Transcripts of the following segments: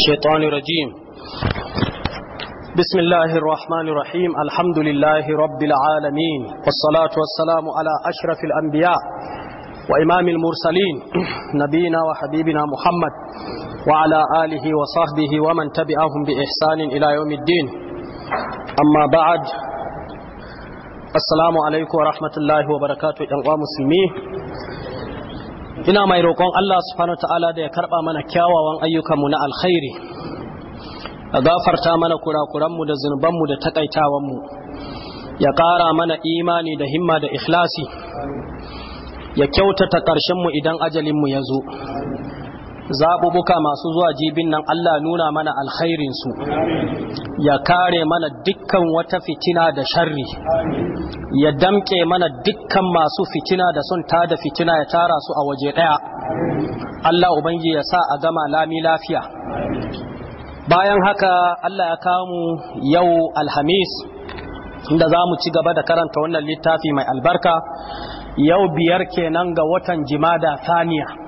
الشيطان الرجيم بسم الله الرحمن الرحيم الحمد لله رب العالمين والصلاة والسلام على أشرف الأنبياء وإمام المرسلين نبينا وحبيبنا محمد وعلى آله وصحبه ومن تبعهم بإحسان إلى يوم الدين أما بعد السلام عليكم ورحمة الله وبركاته يا مسلمين ina mai roƙon Allah subhanahu ta'ala da ya karɓa mana kyawawan ayyukanmu na alkhairi a gafarta mana kurakuranmu da zunubanmu da taƙaitawanmu, ya ƙara mana imani da himma da ikhlasi ya kyautata ƙarshenmu idan ajalinmu ya zo zaɓuɓɓuka masu zuwa jibin nan Allah nuna mana alkhairinsu ya kare mana dukkan wata fitina da sharri ya damƙe mana dukkan masu fitina da son tada fitina ya tara su a waje ɗaya Allah Ubangi ya sa a gama lami lafiya bayan haka Allah ya kamu yau alhamis inda za mu ci gaba da karanta wannan littafi mai albarka yau biyar kenan ga watan jimada saniya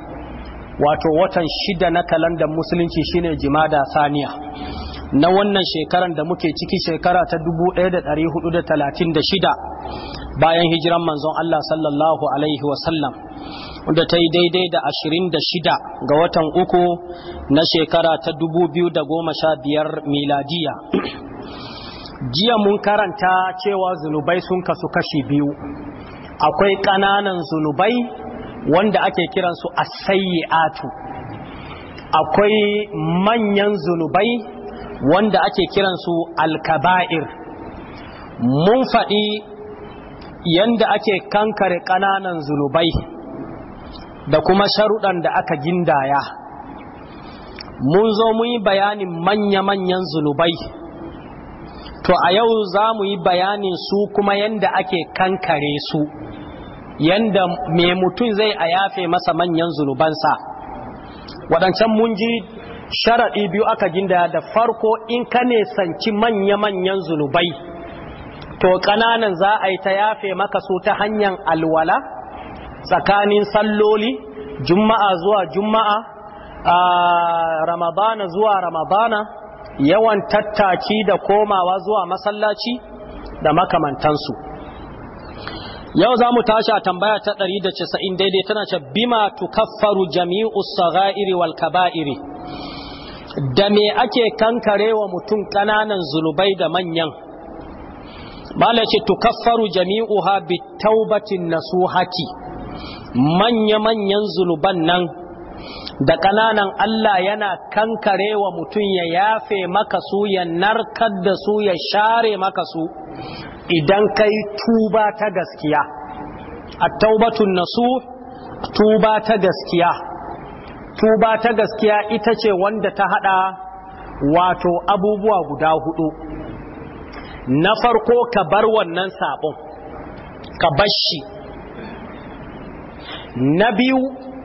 wato watan shida na kalandar musulunci shine jimada saniya na wannan shekaran da muke ciki shekara ta 1436 bayan hijiran manzon Allah sallallahu alaihi wasallam da ta yi daidai da 26 ga watan uku na shekara ta 2015 miladiya jiya mun karanta cewa zunubai sun kasu kashi biyu akwai kananan zunubai wanda ake kiransu as Atu akwai manyan zunubai wanda ake kiransu Alkaba'ir mun faɗi yanda ake kankare ƙananan zunubai da kuma sharuɗan da aka gindaya mun zo mu yi bayanin manya-manyan zunubai to a yau za mu yi bayanin su kuma yanda ake kankare su yanda mai mutum zai a yafe masa manyan zunubansa waɗancan mun ji sharaɗi biyu aka ginda da farko in ka sanci manya-manyan zunubai to ƙananan za a yi ta yafe maka su ta hanyar alwala tsakanin salloli juma'a zuwa juma'a a ramadana zuwa ramadana yawan tattaki da komawa zuwa masallaci da makamantansu yau za mu tashi a tambaya ta da 190 daidai tana ce bima tukaffaru jami'u sagha'iri wal kaba'iri da me ake kankare wa mutum kananan zulubai da manyan mala ce jami'u ha bi taubatin nasuhati manya manyan zuluban nan da kananan Allah yana kankare wa mutum ya yafe maka su ya narkar da su ya share maka su idan kai tuba ta gaskiya a taubatun nasu tuba ta gaskiya tuba ta gaskiya ita ce wanda ta hada wato abubuwa guda hudu na farko ka bar wannan sabon ka bashi na biyu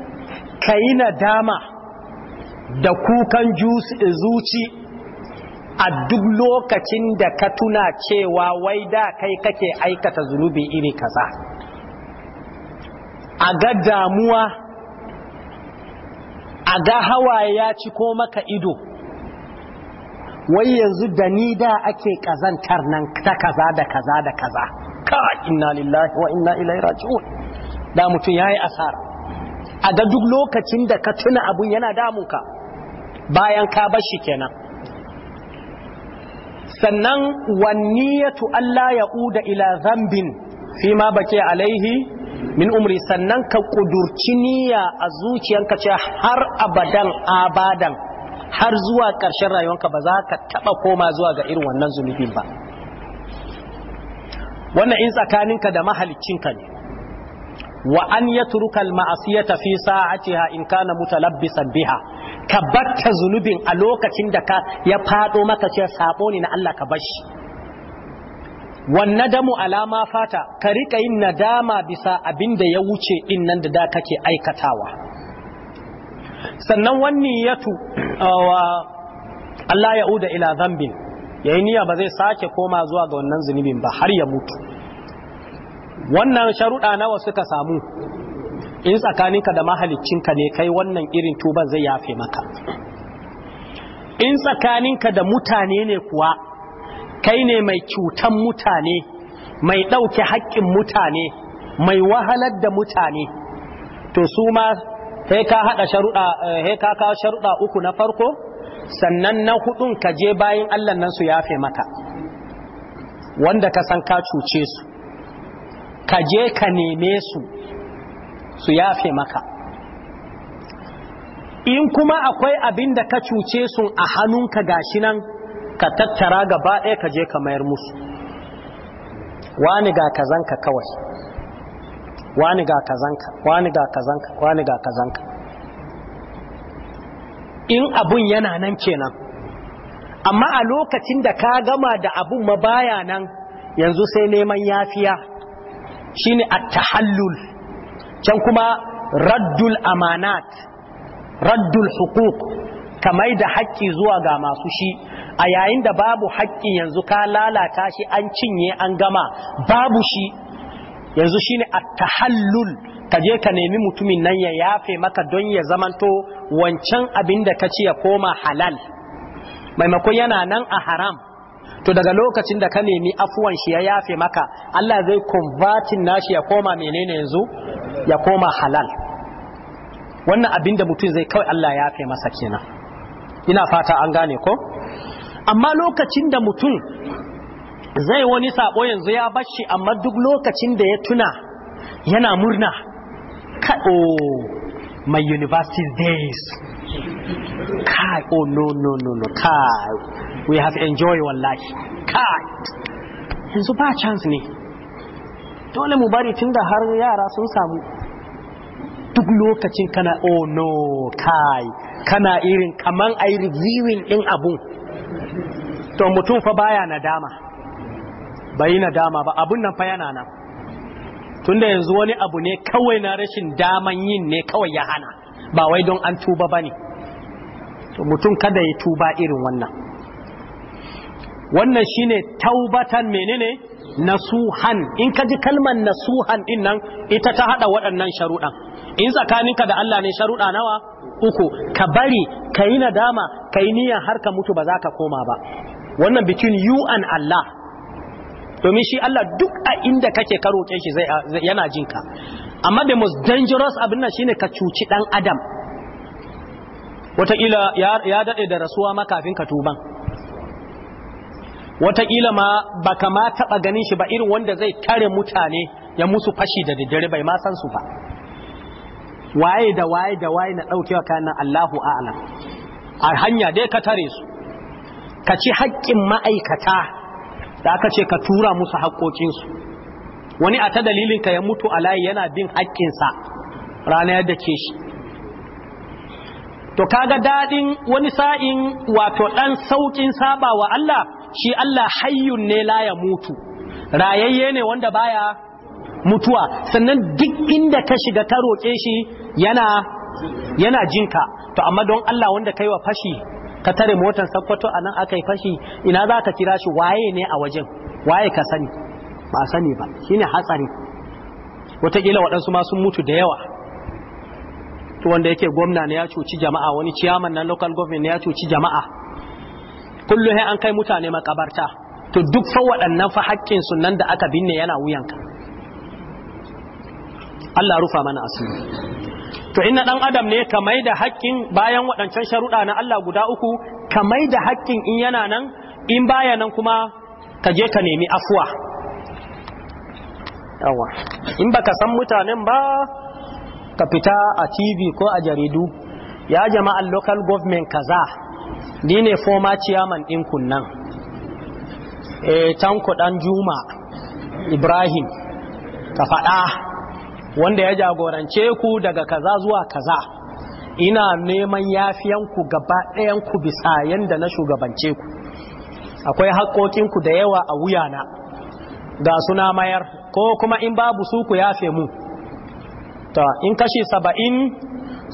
Kayi yi nadama da kukan eh, zuci a duk lokacin da ka tuna cewa wai da kai kake aikata zunubi iri kaza a ga damuwa a ga hawaye ya ci ko maka ido wai yanzu da ni da ake kazantar nan ta kaza da kaza da kaza ka inna lillahi wa inna ilaihi raji'un da mutum yayi asara a ga duk lokacin da ka tuna abun yana damunka bayan ka bar shi kenan sannan wanniyatu Allah ya uda ila zambin fi ma bake alaihi min umri sannan ka kudurci niyya a zuciyanka ce har abadan abadan har zuwa ƙarshen rayuwanka ba za ka taɓa koma zuwa ga irin wannan zunubin ba wannan in tsakaninka da mahalicinka ne wa an yatruka al-ma'siyata fi sa'atiha in kana mutalabbisan biha ka batta zunubin a lokacin da ka ya fado maka ce sabo ne na Allah ka bashi wannan damu alama fata ka rika yin nadama bisa abinda ya wuce din nan da da kake aikatawa sannan wani yatu uh, Allah ya uda ila zambin yayi niyya ba zai sake koma zuwa ga wannan zunubin ba har ya mutu wannan sharuɗa nawa suka samu in tsakaninka da mahaliccinka ne kai wannan irin tuban zai yafe maka in tsakaninka da mutane ne kuwa kai ne mai cutan mutane mai ɗauke haƙƙin mutane mai wahalar da mutane to su ma sai ka haɗa sharuɗa eh, uku na farko sannan na hudun ka je bayan Allah nan su yafe maka wanda ka san ka cuce su ka je ka neme su su yafe maka in kuma akwai abin da ka cuce su a hannunka gashi nan ka tattara gaba ɗaya ka je ka mayar musu wani ga kazanka kawai wani ga kazanka wani ga kazanka wani ga kazanka in abun yana nan kenan amma a lokacin da ka gama da abun ma baya nan yanzu sai neman yafiya shine at-tahallul can kuma raddul amanat raddul huquq kamai da haƙƙi zuwa ga masu shi a yayin da babu haƙƙi yanzu ka lalata shi an cinye an gama babu shi yanzu shine at-tahallul ka je ka nemi mutumin nan ya yafe maka don ya zamanto wancan abin da ka ci ya koma halal maimakon yana nan a haram to daga lokacin da ka nemi afuwan shi ya yafe maka Allah zai convertin nashi ya koma menene yanzu ya koma halal wannan abin da mutum zai kawai Allah ya yafe masa kenan ina fata an gane ko amma lokacin da mutum zai wani sabo yanzu ya bashi amma duk lokacin da ya tuna yana murna ka oh my university days kai oh no no no no kai we have enjoy wallahi kai yanzu ba chance ne dole mu bari tunda har yara sun samu duk lokacin kana oh no kai kana irin kaman ai reviewing din abun to mutum fa baya nadama bai nadama ba abun nan fa yana nan tunda yanzu wani abu ne kawai na rashin daman yin ne kawai ya hana ba wai don an tuba bane to mutum kada ya tuba irin wannan wannan shine taubatan menene nasuhan in ka ji kalmar nasuhan din nan ita ta hada waɗannan sharuɗan in tsakaninka da Allah ne sharuɗa nawa uku ka bari ka yi nadama ka yi niyyar har ka mutu ba za ka koma ba wannan bikin you and Allah domin shi Allah duk a inda kake ka roƙe shi yana jinka amma the most dangerous abin nan shine ka cuci dan adam wataƙila ya daɗe da rasuwa makafin ka tuban wataƙila ma ba kama taɓa ganin shi ba irin wanda zai tare mutane ya musu fashi da daddare bai ma san su ba waye da waye da waye na ɗaukewa kayan nan Allahu a'lam a hanya dai ka tare su ka ci haƙƙin ma'aikata da aka ce ka tura musu haƙƙoƙinsu wani a ta dalilin ka ya mutu a layi yana bin haƙƙinsa ranar da ke shi to kaga daɗin wani sa'in wato ɗan sauƙin saba wa Allah shi Allah hayyun ne la ya mutu rayayye ne wanda baya mutuwa sannan duk inda ka shiga ka roƙe shi yana yana jinka to amma don Allah wanda kaiwa wa fashi ka tare motar sakwato a nan aka yi fashi ina za ka kira shi waye ne a wajen waye ka sani ba sani ba shine hatsari wataƙila waɗansu ma sun mutu da yawa to wanda yake gwamna ne ya cuci jama'a wani ciyaman na local government ne ya cuci jama'a kullum an kai mutane makabarta to duk fa waɗannan fa haƙƙin sunan da aka binne yana wuyanka Allah rufa mana asiri to inna dan adam ne kamai da haƙƙin bayan waɗancan sharuɗa na Allah guda uku kamai da haƙƙin in yana nan in baya nan kuma ka je ka nemi afuwa yawa in baka san mutanen ba ka fita a TV ko a jaridu ya jama'an local government kaza ni ne foma ciyaman ɗin nan e eh, tanko ɗan juma ibrahim ka faɗa wanda ya jagorance ku daga kaza zuwa kaza ina neman yafiyanku gaba ku bisa yanda na shugabance ku akwai ku da yawa a wuyana ga suna mayar ko kuma in babu su ku yafe mu ta in kashi saba'in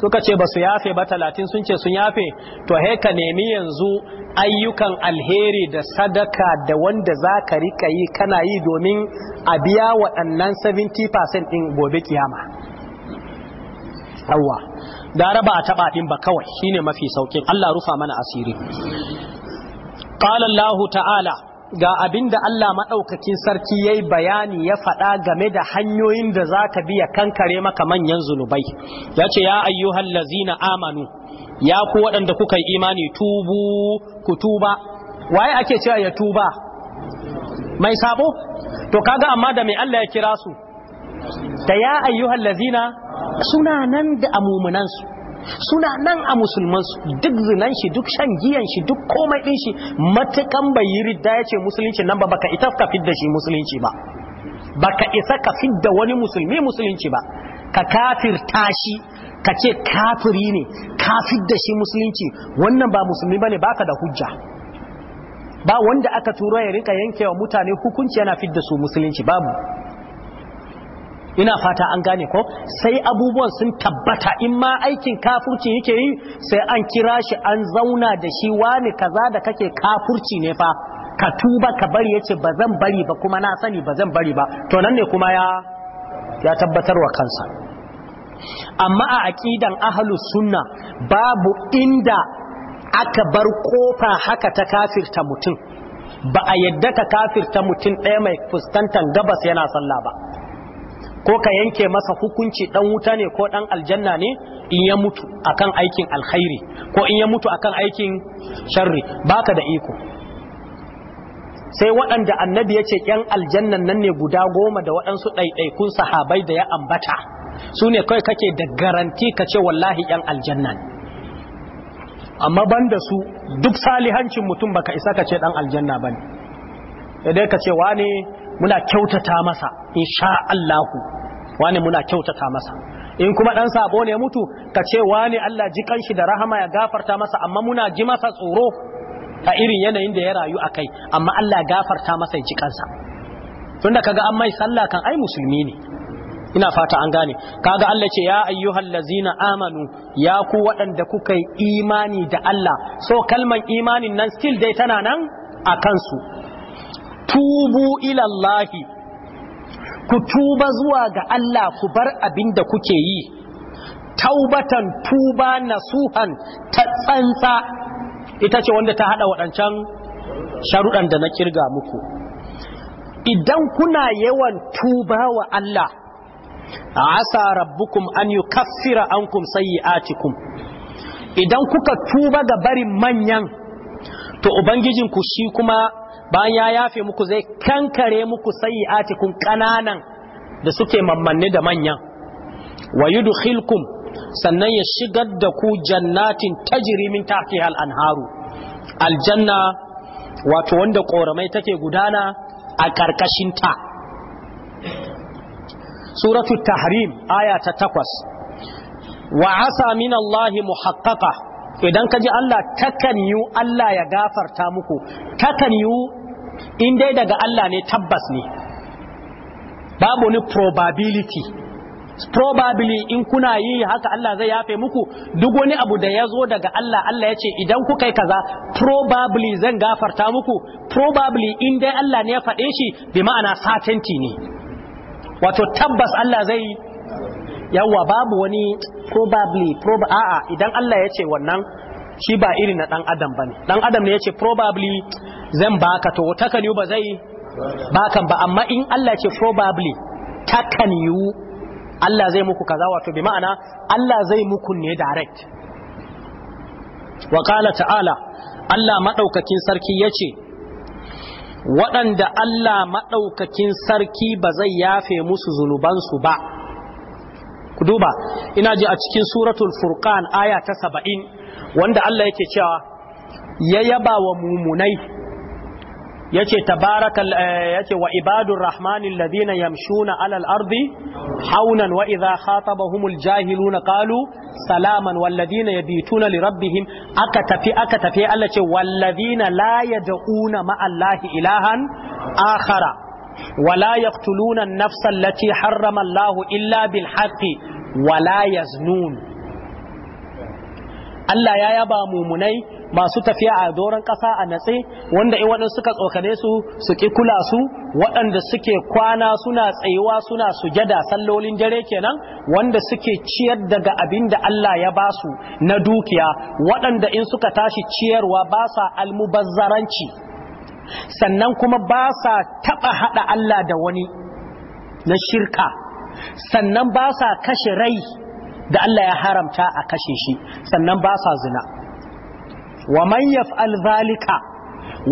suka ce ba su yafe ba talatin sun ce sun yafe to he ka nemi yanzu ayyukan alheri da sadaka da wanda za ka rika yi kana yi domin a biya waɗannan 70% ɗin gobe kiyama Yawwa, gara ba a taɓa ɗin ba kawai shine mafi saukin Allah rufa mana asiri. Ƙalallahu ta'ala ga abin da Allah maɗaukakin sarki ya yi bayani ya faɗa game da hanyoyin da za ka biya kankare maka manyan zunubai ya ce ya ayyuhan lazina amanu ya ku waɗanda kuka yi imani tubu ku tuba waye ake cewa ya tuba mai sabo to kaga amma da mai Allah ya kira su da ya ayyuhan lazina suna nan da amumunansu suna nan a musulman duk zinan shi duk shan giyan shi duk komai din shi matukan bai yi ridda ya ce musulunci nan ba baka ita ka fidda shi musulunci ba baka isa ka fidda wani musulmi musulunci ba ka kafirta shi ka ce kafiri ne ka fidda shi musulunci wannan ba musulmi bane baka da hujja ba wanda aka turo ya rinka yankewa mutane hukunci yana fidda su musulunci babu ina fata an gane ko sai abubuwan sun tabbata in ma aikin kafurci yake yi sai an kira shi an zauna da shi wani kaza da kake kafurci ne fa ka tuba ka bari yace ba zan bari ba kuma na sani ba zan bari ba to nan ne kuma ya ya tabbatar wa kansa amma a aqidan ahlus sunna babu inda aka bar kofa haka ta kafirta mutum ba a yadda ka kafirta mutum ɗaya mai fuskantar gabas yana sallah ba ko ka yanke masa hukunci dan wuta ne ko dan aljanna ne in ya mutu akan aikin alkhairi ko in ya mutu akan aikin sharri baka da iko sai waɗanda annabi ya ce ‘yan aljannan nan ne guda goma da waɗansu ɗaiɗaikun sahabai da ya ambata su ne kawai kake da garanti ka ce wallahi ‘yan aljannan amma ban da su duk salihancin mutum baka isa ka ce ɗan aljanna ba ne dai ka ce wa ne. muna kyautata masa in sha Allahu wani muna kyautata masa in kuma dan sabo ne mutu ka ce wani Allah ji kanshi da rahama ya gafarta masa amma muna ji masa tsoro a irin yanayin da ya rayu a kai amma Allah gafarta masa ya ji kansa da kaga an mai sallah kan ai musulmi ne ina fata an gane kaga Allah ce ya ayyuhal lazina amanu ya ku waɗanda kuka yi imani da Allah so kalman imanin nan still dai tana nan a kansu tubu ilallahi ku tuba zuwa ga Allah ku bar abin da kuke yi taubatan tuba nasuhan ta tsantsa ita ce wanda ta hada waɗancan sharuɗan da na kirga muku idan kuna yawan tuba wa Allah asa rabbukum an yukaffira ankum sayyi'atikum idan kuka tuba ga barin manyan to ubangijinku shi kuma bayan ya yafe muku zai kankare muku sayi'atikum kananan da suke mammanni da manyan wa duhilkum sannan ya shigar da ku jannatin tajirimin min tahtiha anharu aljanna wato wanda ƙoramai take gudana a ƙarƙashinta. ta suratu tahrim aya ta takwas. wa asa min Allah muhaqqaqa idan ka ji Allah takan yi Allah ya gafarta muku takan yi in dai daga Allah ne tabbas ne babu ni probability probably in kuna yi haka Allah zai yafe muku duk wani abu da ya zo daga Allah Allah ya ce idan kuka yi kaza probably zan gafarta muku probably in dai Allah ne ya faɗe shi bi ma'ana certainty ne wato tabbas Allah zai yawa babu wani probably a'a idan Allah yace wannan shi ba iri na dan adam bane dan adam ne yace probably zan baka to takan ba zai bakan ba amma in Allah ce probably takan yu Allah zai muku kaza wato bi ma'ana Allah zai muku ne direct wa qala ta'ala Allah madaukakin sarki yace waɗanda Allah maɗaukakin sarki ba zai yafe musu zunubansu ba ku duba ina ji a cikin suratul furqan aya ta saba'in. wanda Allah yake cewa ya yaba wa mumunai yace tabarakal eh, yace wa ibadur rahmanil ladina yamshuna alal ardi haunan wa idha khatabahumul jahiluna qalu salaman wal ladina yabituna li rabbihim aka tafi aka tafi Allah ce wal ladina la yad'una ma allahi ilahan akhara wala yaqtuluna an-nafsa allati harrama Allahu illa bil haqqi wala yaznun Allah ya yaba mumunai masu tafiya a doron ƙasa a natse wanda in waɗanda suka tsokane su su ƙi kula su waɗanda suke kwana suna tsayuwa suna sujada sallolin dare kenan wanda suke ciyar daga abin da Allah ya ba su na dukiya waɗanda in suka tashi ciyarwa ba sa almubazzaranci sannan kuma ba sa taɓa haɗa Allah da wani na shirka sannan ba sa kashe rai da Allah ya haramta a kashe shi sannan ba sa zina wa man yaf'al zalika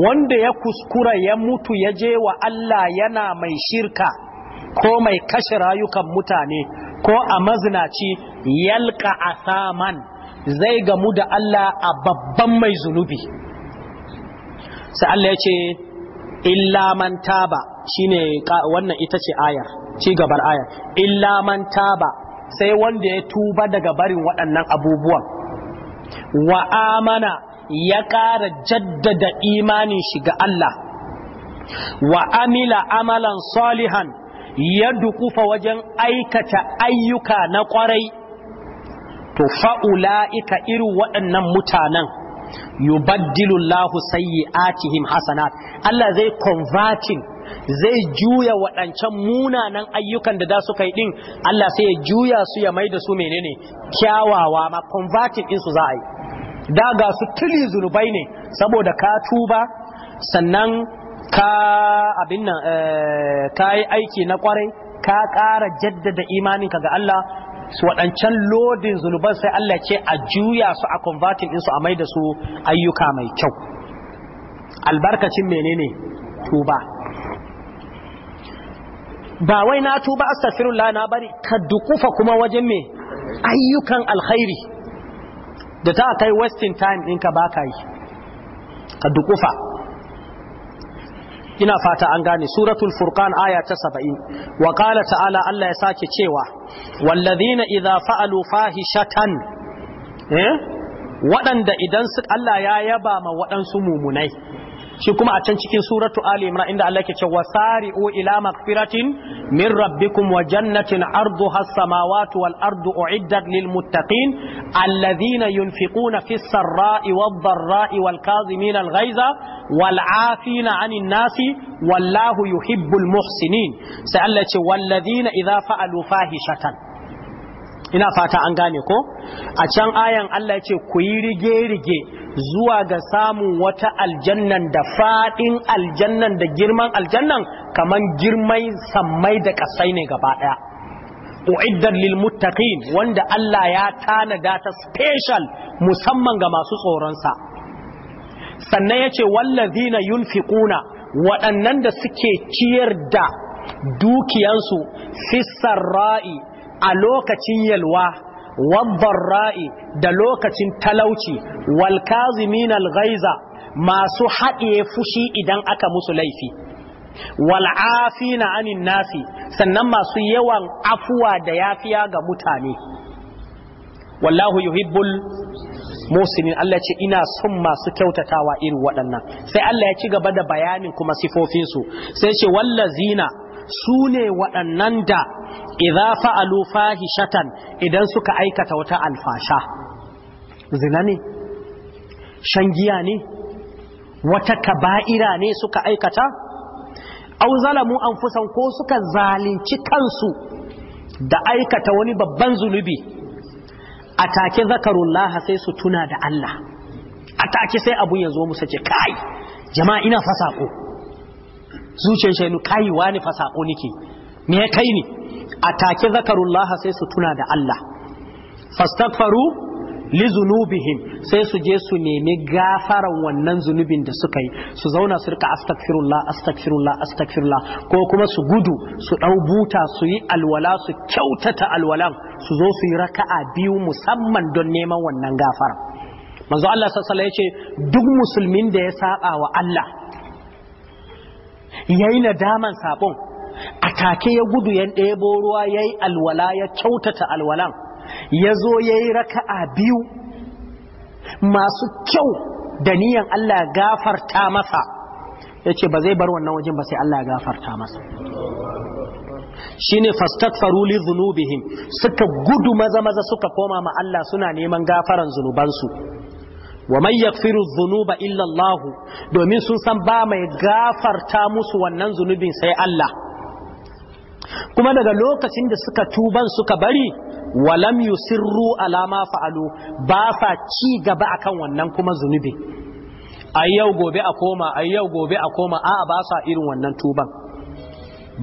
wanda ya kuskura ya mutu ya je wa Allah yana mai shirka ko mai kashe rayukan mutane ko a mazinaci yalka asaman zai gamu da Allah a babban mai zunubi sai Allah ya ce illa man taba shine wannan ita ce ayar ci gabar ayar illa man taba sai wanda ya tuba daga barin waɗannan abubuwan wa amana ya ƙara jaddada imanin shi ga Allah wa amila amalan salihan ya dukufa wajen aikata ayyuka na ƙwarai to fa'ula'ika irin waɗannan mutanen yubaddilu sayyi atihim hasanat Allah zai convertin zai juya waɗancan munanan ayyukan da da suka yi ɗin. Allah sai ya juya su ya mai da su menene kyawawa ma converting ɗinsu za a yi da ga su tuli zunubai ne saboda ka tuba sannan ka abin nan eh, ka yi aiki na kwarai ka ƙara jaddada imaninka ga Allah waɗancan lodin zunuban sai Allah ce a juya su a converting ɗinsu a mai da su ayyuka mai kyau albarkacin menene tuba ba wai na tuba astaghfirullah na bari ka dukufa kuma wajen me ayyukan alkhairi da ta kai wasting time ɗinka ba ka yi ka dukufa ina fata an gane suratul furqan aya ta 70 wa qala ta'ala Allah ya sake cewa wallazina idza fa'alu fahishatan eh waɗanda idan su Allah ya yaba ma waɗansu mumunai shi kuma a can cikin suratu ali imran inda Allah ke ce wasari'u ila magfiratin min rabbikum wa jannatin arduha as-samawati wal ardu uiddat lil muttaqin alladhina yunfiquna fis sarra'i wad dharra'i wal kadhimina al ghaiza wal 'afina 'anil nasi wallahu yuhibbul muhsinin sai Allah ce walladhina idza fa'alu fahishatan ina fata an gane ko a can ayan Allah ya ce ku yi rige rige zuwa ga samun wata aljannan da faɗin aljannan da girman aljannan kaman girmai sammai da ƙasai ne gaba ɗaya uiddar wanda Allah ya tanada ta special musamman ga masu tsoronsa sannan yace wallazina yunfiquna waɗannan da suke ciyar da dukiyansu fissar ra'i a lokacin yalwa wabbarra'i da lokacin talauci wal kazimin al masu haɗiye fushi idan aka musu laifi Wal'afi na anin nasi sannan masu yawan afuwa da yafiya ga mutane wallahu yuhibbul musinin Allah ce ina son masu kyautatawa irin waɗannan sai Allah ya ci gaba da bayanin kuma sifofinsu sai ce wallazina su ne waɗannan da idza fa'alu fahishatan idan suka aikata wata alfasha zina ne shan giya ne wata kaba'ira ne suka aikata au zalamu anfusan ko suka zalunci kansu da aikata wani babban zunubi atake zakarullah sai su tuna da Allah atake sai abun ya zo musu ce kai jama'a ina fasako zuciyar shainu kai wani fa nike me ya kai ni take zakarullah sai su tuna da Allah fastaghfaru li zunubihim sai su je su nemi gafaran wannan zunubin da suka yi su zauna su rika astaghfirullah astaghfirullah astaghfirullah ko kuma su gudu su dau buta su yi alwala su kyautata alwalan su zo su yi raka'a biyu musamman don neman wannan gafara manzo Allah sallallahu alaihi wasallam yace duk musulmin da ya saba wa Allah Yayi nadaman sabon a take ya gudu yan ɗebo ruwa yayi alwala ya kyautata alwalan ya zo ya raka'a biyu masu kyau da niyan Allah gafarta masa yace ce ba zai bar wannan wajen ba sai Allah gafarta masa shine fastaghfaru li dhunubihim suka gudu maza maza suka koma ma Allah suna neman gafaran zunubansu wa man yaghfiru dhunuba illa Allah domin sun san ba mai gafarta musu wannan zunubin sai Allah kuma daga lokacin da suka tuban suka bari walamyu yusirru ala ma fa'alu ba sa ci gaba akan wannan kuma zunubi ai yau gobe a koma ai yau gobe a koma a'a ba sa irin wannan tuban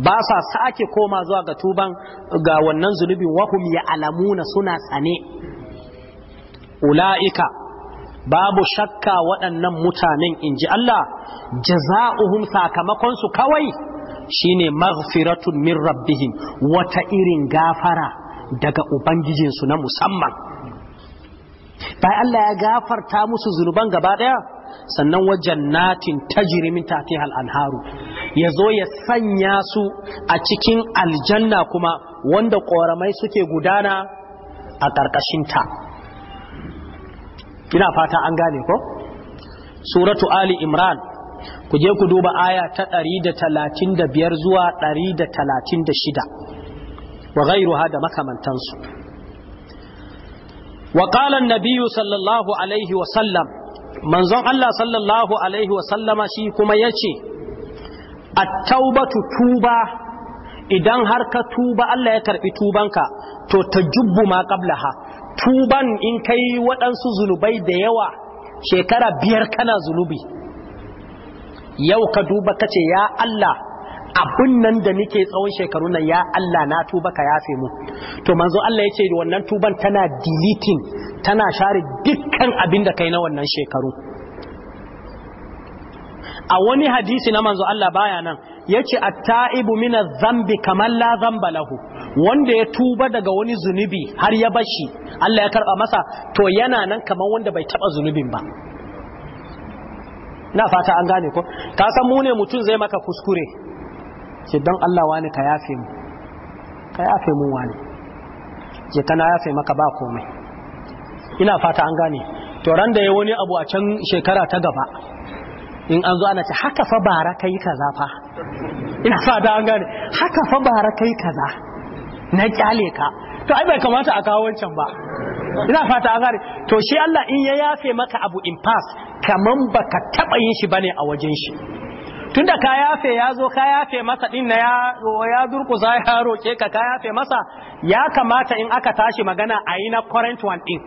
ba sa sake koma zuwa ga tuban ga wannan zunubin wahum ya alamuna suna tsane ula'ika babu shakka waɗannan mutanen in ji Allah jaza'uhum sakamakonsu kawai shine maghfiratun min rabbihim wata irin gafara daga ubangijinsu na musamman bai Allah ya gafarta musu zunuban gaba ɗaya sannan wajen natin tajirimin min tahtiha ya zo ya sanya su a cikin aljanna kuma wanda ƙoramai suke gudana a ƙarƙashinta ta ina fata an gane ko suratu ali imran ku je ku duba aya ta 135 zuwa 136 wa ghairuha da makamantansu wa qala an-nabiy sallallahu alaihi wa sallam manzon Allah sallallahu alaihi wa sallama shi kuma yace at-taubatu tuba idan har ka tuba Allah ya karbi tubanka to tajubbu ma qablaha tuban in kai waɗansu zunubai da yawa shekara biyar kana zunubi yau ka duba ka ce ya Allah abin nan da nike tsawon shekaru nan ya Allah na tuba ka yafe mu to manzo Allah ya ce wannan tuban tana dilitin tana share dukkan abin da kai na wannan shekaru a wani hadisi na manzo Allah baya nan yace a taibu mina zambi kamar la zamba lahu wanda ya tuba daga wani zunubi har ya bashi Allah ya karba masa to yana nan kamar wanda bai taba zunubin ba na fata an gane ko ka san mu ne mutum zai maka kuskure Ke don Allah wani ka yafe mu ka yafe mu wani je kana yafe maka ba komai ina fata an gane to ran da ya wani abu a can shekara ta gaba in an zo ana ce haka fa bara kai kaza fa ina fata an gane haka fa bara kai kaza na kyale ka to ai bai kamata a kawo wancan ba ina fata an gare to shi Allah in ya yafe maka abu in pass kaman baka taba yin shi bane a wajen shi tunda ka yafe ya zo ka yafe masa din na ya durkusa ya roke ka ka yafe masa ya kamata in aka tashi magana a yi na current one din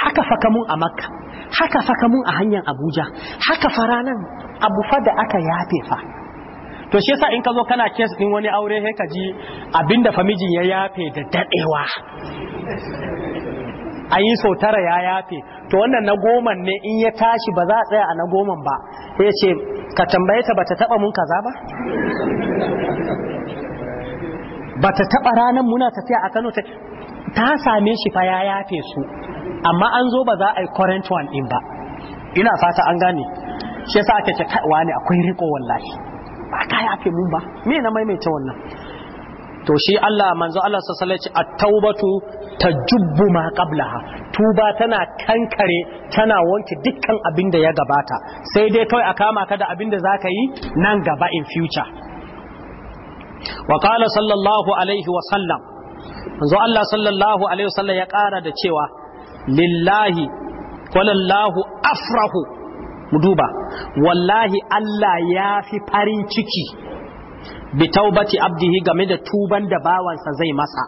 haka faka mun a makka haka faka mun a hanyar abuja haka faranan abu fa da aka yafe fa to shi yasa in ka zo kana kes din wani aure sai ka ji abinda famijin ya yafe da dadewa ayi yi sau tara ya yafe to wannan na goman ne in ya tashi ba za a tsaya a na goman ba ya ce ka tambaye ta bata taba mun kaza ba bata taba ranar muna tafiya a Kano ta ta same shi fa ya yafe su amma an zo ba za a yi current one din ba ina fata an gane shi yasa ake ce kai wani akwai riko wallahi ba ka yafe mun ba me na maimaita wannan to shi Allah manzo Allah sallallahu alaihi wasallam at-taubatu tajubbu ma qablaha tuba tana kankare tana wanke dukkan abin da ya gabata sai dai kai a kama ka da abin da zaka yi nan gaba in future wa qala sallallahu alaihi wasallam manzo Allah sallallahu alaihi wasallam ya kara da cewa lillahi wallahu afrahu mu duba wallahi Allah ya fi farin ciki bi taubati abdihi game da tuban da bawansa zai masa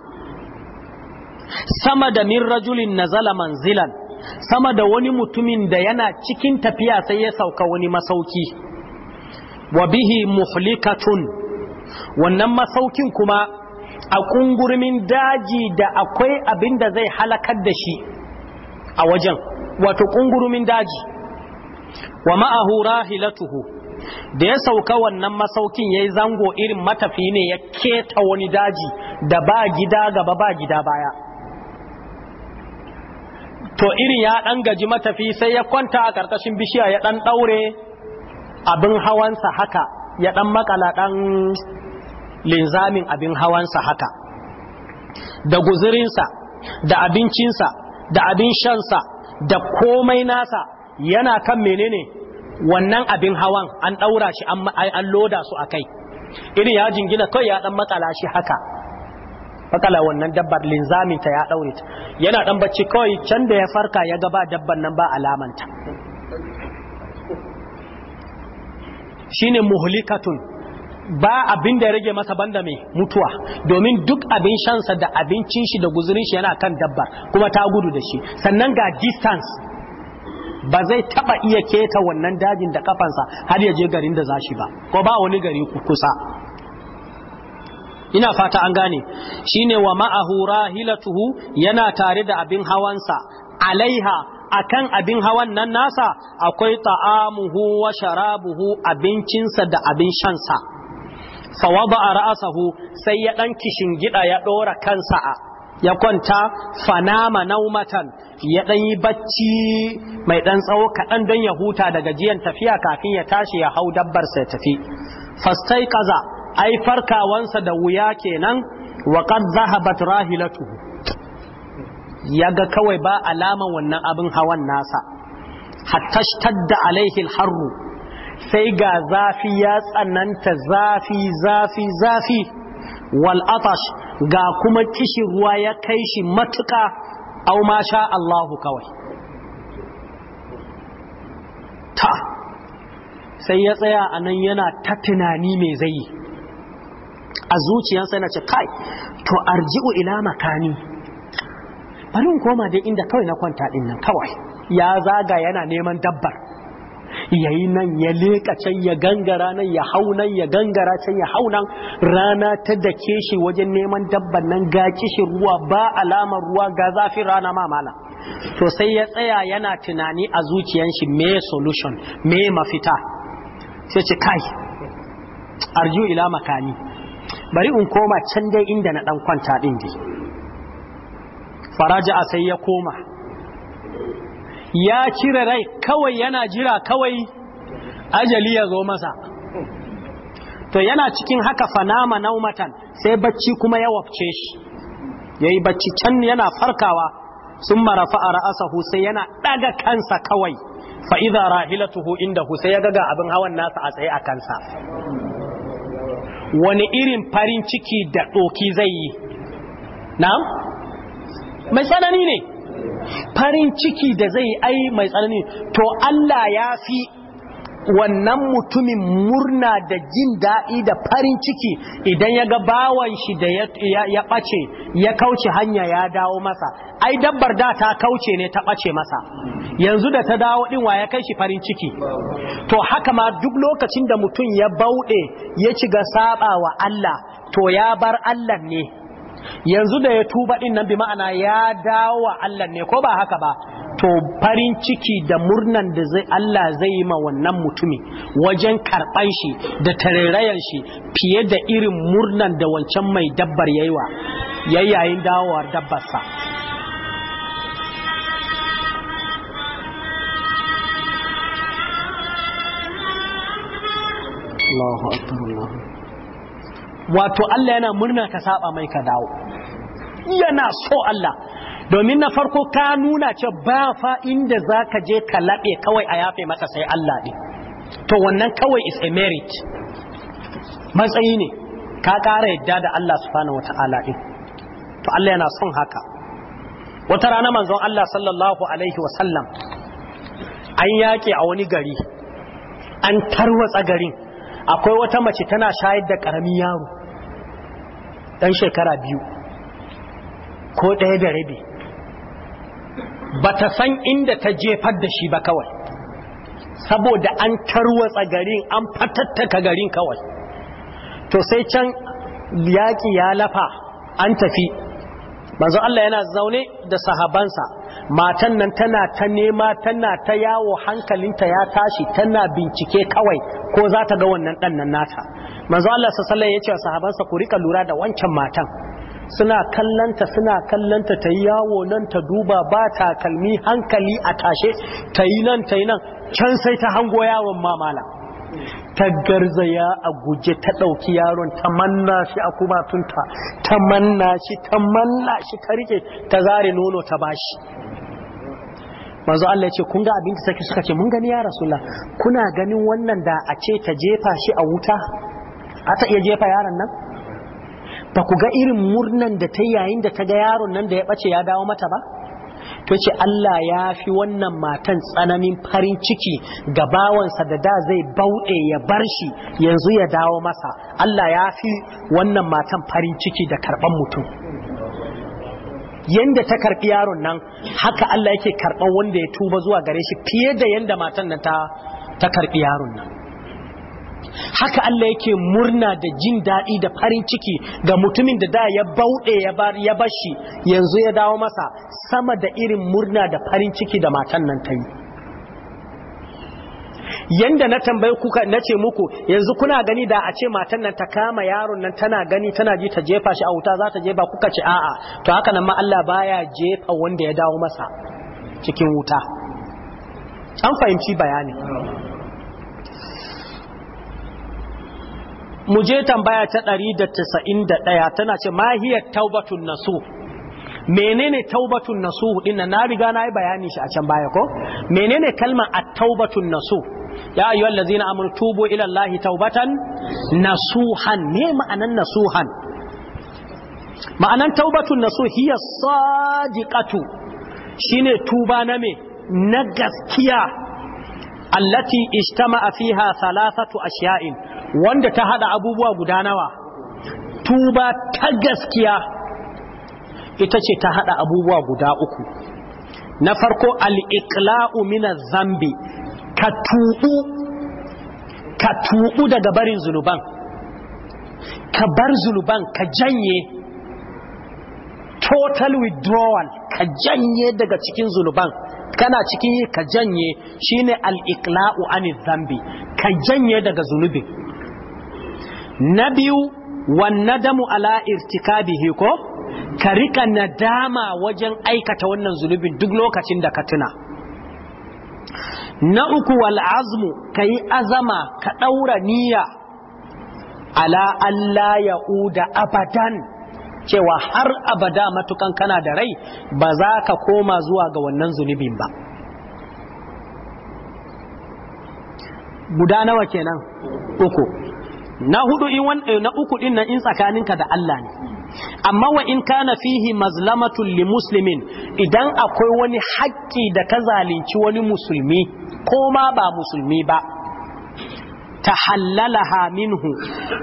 sama da min rajulin nazala manzilan sama da wani mutumin da yana cikin tafiya sai ya sauka wani masauki wa bihi muhlikatun wannan masaukin kuma a kungurmin daji da akwai abin da zai halakar da shi a wajen wato kungurumin daji wa ma'ahu rahilatuhu da ya sauka wannan masaukin yayi zango irin matafi ne ya keta wani daji da ba gida gaba ba gida baya to irin ya dan gaji matafi sai ya kwanta a karkashin bishiya ya dan daure abin hawansa haka ya dan makala dan linzamin abin hawansa haka da guzurinsa da abincinsa da abin shan sa, da komai nasa yana kan menene wannan abin hawan an daura shi an an loda su akai irin ya jingina kai ya dan matsala shi haka fakala wannan dabbar linzamin ta ya daure ta yana dan bacci kai can da ya farka ya ga ba dabban nan ba alamanta shine muhlikatun ba abin da ya rage masa banda mai mutuwa domin duk abin shansa da abincin shi da guzurin shi yana kan dabbar kuma ta gudu da shi sannan ga distance ba zai taba iya keta wannan dajin da kafansa har ya je garin da zashi ba ko ba wani gari kusa ina fata an gane shine wa ma'ahu rahilatuhu yana tare da abin hawansa alaiha akan abin hawan nan nasa akwai ta'amuhu wa sharabuhu abincinsa da abin shansa sa a ra'asahu sai ya dan kishin gida ya ɗora kansa a ya kwanta fanama naumatan ya ɗanyi yi bacci mai ɗan tsawo kaɗan don ya huta da gajiyan tafiya kafin ya tashi ya hau dabbar sai tafi fastai kaza ai farkawansa da wuya kenan wa qad zahabat rahilatuhu yaga kawai ba alaman wannan abin hawan nasa hatta shtadda alaihi harru sai ga zafi ya tsananta zafi zafi zafi wal atash ga kuma kishin ruwa ya kai shi matuka au ma sha Allahu kawai ta sai ya tsaya a nan yana ta tunani mai zai a zuciyarsa yana ce kai to arji'u ila makani bari in koma dai inda kawai na kwanta din nan kawai ya zaga yana neman dabbar yayi nan ya leka can ya gangara nan ya hau nan ya gangara can ya hau nan rana ta dake shi wajen neman dabban nan ga kishin ruwa ba alamar ruwa ga zafin rana ma mala to sai ya tsaya yana tunani a zuciyan shi me solution me mafita sai ce kai arju ila makani bari in koma can dai inda na dan kwanta din dai faraja sai ya koma ya cire rai kawai yana jira kawai ajali ya zo masa to yana cikin haka fanama naumatan sai bacci kuma ya wafce shi yayi bacci can yana farkawa sun marafa a ra'asahu sai yana daga kansa kawai fa iza rahilatuhu indahu sai ya gaga abin hawan nasa a tsaye a kansa wani irin farin ciki da doki zai yi na'am mai tsanani ne farin ciki da zai ai mai tsanani to Allah ya fi wannan mutumin murna da jin daɗi da farin ciki idan ya ga bawan shi da ya ɓace ya kauce hanya ya dawo masa ai dabbar da ta kauce ne ta ɓace masa yanzu da ta dawo ɗin wa ya kai shi farin ciki to haka ma duk lokacin da mutum ya bauɗe ya ci ga saba wa Allah to ya bar Allah ne yanzu da ya tuba din nan bi ma'ana ya dawo Allah ne ko ba haka ba to farin ciki da murnan da zai Allah zai yi ma wannan mutumi wajen karban shi da tarairayan shi fiye da irin murnan da wancan mai dabbar yayiwa yayin dawowar dabbarsa Allahu akbar wato Allah yana murna ka saba mai ka dawo yana so Allah domin na farko ka nuna ce ba fa inda za ka je ka laɓe kawai a yafe maka sai Allah ɗin to wannan kawai is a merit matsayi ne ka ƙara yadda da Allah subhanahu to Allah yana son haka wata rana manzon Allah sallallahu alaihi wasallam an yaƙi a wani gari an tarwatsa garin akwai wata mace tana shayar da karamin yaro ɗan shekara biyu ko ɗaya da rabi ba ta san inda ta jefar da shi ba kawai saboda an tarwatsa garin an fatattaka garin kawai to sai can yaƙi ya lafa an tafi manzo Allah yana zaune da sahabansa matan nan tana ta nema tana ta yawo hankalinta ya tashi tana bincike kawai ko za ta ga wannan ɗan nan nata manzo Allah sallallahu alaihi wasallam ya ce sahabansa ku rika lura da wancan matan suna kallanta suna kallanta ta yawo nan ta duba ba takalmi hankali a tashe ta yi nan ta yi nan can sai ta hango yaron mamala ta garzaya a guje ta ɗauki yaron ta manna shi a kumatunta ta manna shi ta manna shi ta rike ta zare nono ta bashi manzo Allah ya ce kun ga abin da suka ce mun gani ya rasulullah kuna ganin wannan da a ce ta jefa shi a wuta a ta iya jefa yaron nan ba ku ga irin murnan da ta yayin da ta ga yaron nan da ya bace ya dawo mata ba to ce Allah ya fi wannan matan tsananin farin ciki ga bawansa da da zai bauɗe ya bar shi yanzu ya dawo masa Allah ya fi wannan matan farin ciki da karɓan mutum yanda ta karɓi yaron nan haka Allah yake karɓar wanda ya tuba zuwa gare shi fiye da yanda matan nan ta ta karbi yaron nan haka Allah yake murna da jin daɗi da farin ciki ga mutumin da da ya bauɗe ya bashi yanzu ya dawo masa sama da irin murna da farin ciki da matan nan ta yi yanda na tambaye kuka na ce muku yanzu kuna gani da a ce matan nan ta kama yaron nan tana gani tana ji ta jefa shi a wuta za ta jefa kuka ce a'a to haka nan ma Allah baya jefa wanda ya dawo masa cikin wuta an fahimci bayani mu je tambaya ta 191 tana ce mahiyar taubatun nasu menene taubatun nasu din na riga na yi bayani shi a can baya ko menene kalmar at-taubatun nasu? ya ayyuhal ladzina amanu tubu ila allahi taubatan nasuhan me ma'anan nasuhan ma'anan taubatun nasu hiya sadiqatu shine tuba na me na gaskiya allati ijtama'a fiha thalathatu Ashiya'in. wanda ta hada abubuwa guda nawa tuba ta gaskiya ita ce ta haɗa abubuwa guda uku na farko al'ikla'u mina zambi ka tuɓu daga barin zunuban ka bar zunuban ka janye total withdrawal ka janye daga cikin zunuban kana cikin yi ka janye shine al'ikla'u anin zambi ka janye daga zunubi na biyu wannan damu ala irtikabihi ko? ka rika nadama wajen aikata wannan zunubin duk lokacin da ka tuna na uku wal'azmu ka yi azama ka ɗaura niyya ala Allah ya'uda abadan cewa har abada matukan kana da rai ba za ka koma zuwa ga wannan zunubin ba guda nawa kenan uku na hudu in eh, na uku din nan in tsakaninka da Allah ne amma wa in kana fihi mazlamatun li muslimin idan akwai wani haƙƙi da ka zalunci wani musulmi ko ma ba musulmi ba ta hallalaha minhu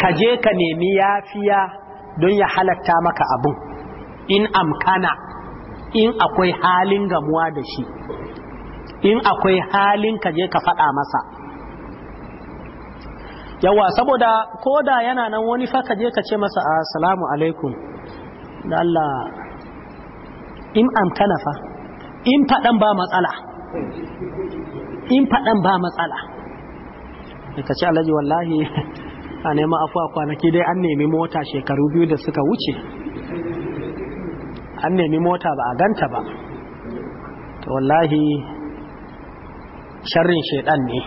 ka je ka nemi yafiya don ya halatta maka abun in amkana in akwai halin gamuwa da shi in akwai halin ka je ka faɗa masa yawa saboda koda yana nan wani fa ka je ka ce masa assalamu alaikum da Allah in amkana fa in faɗan ba matsala in faɗan ba matsala ka ce alhaji wallahi a nema afuwa kwanaki dai an nemi mota shekaru biyu da suka wuce an nemi mota ba a ganta ba to wallahi sharrin shaidan ne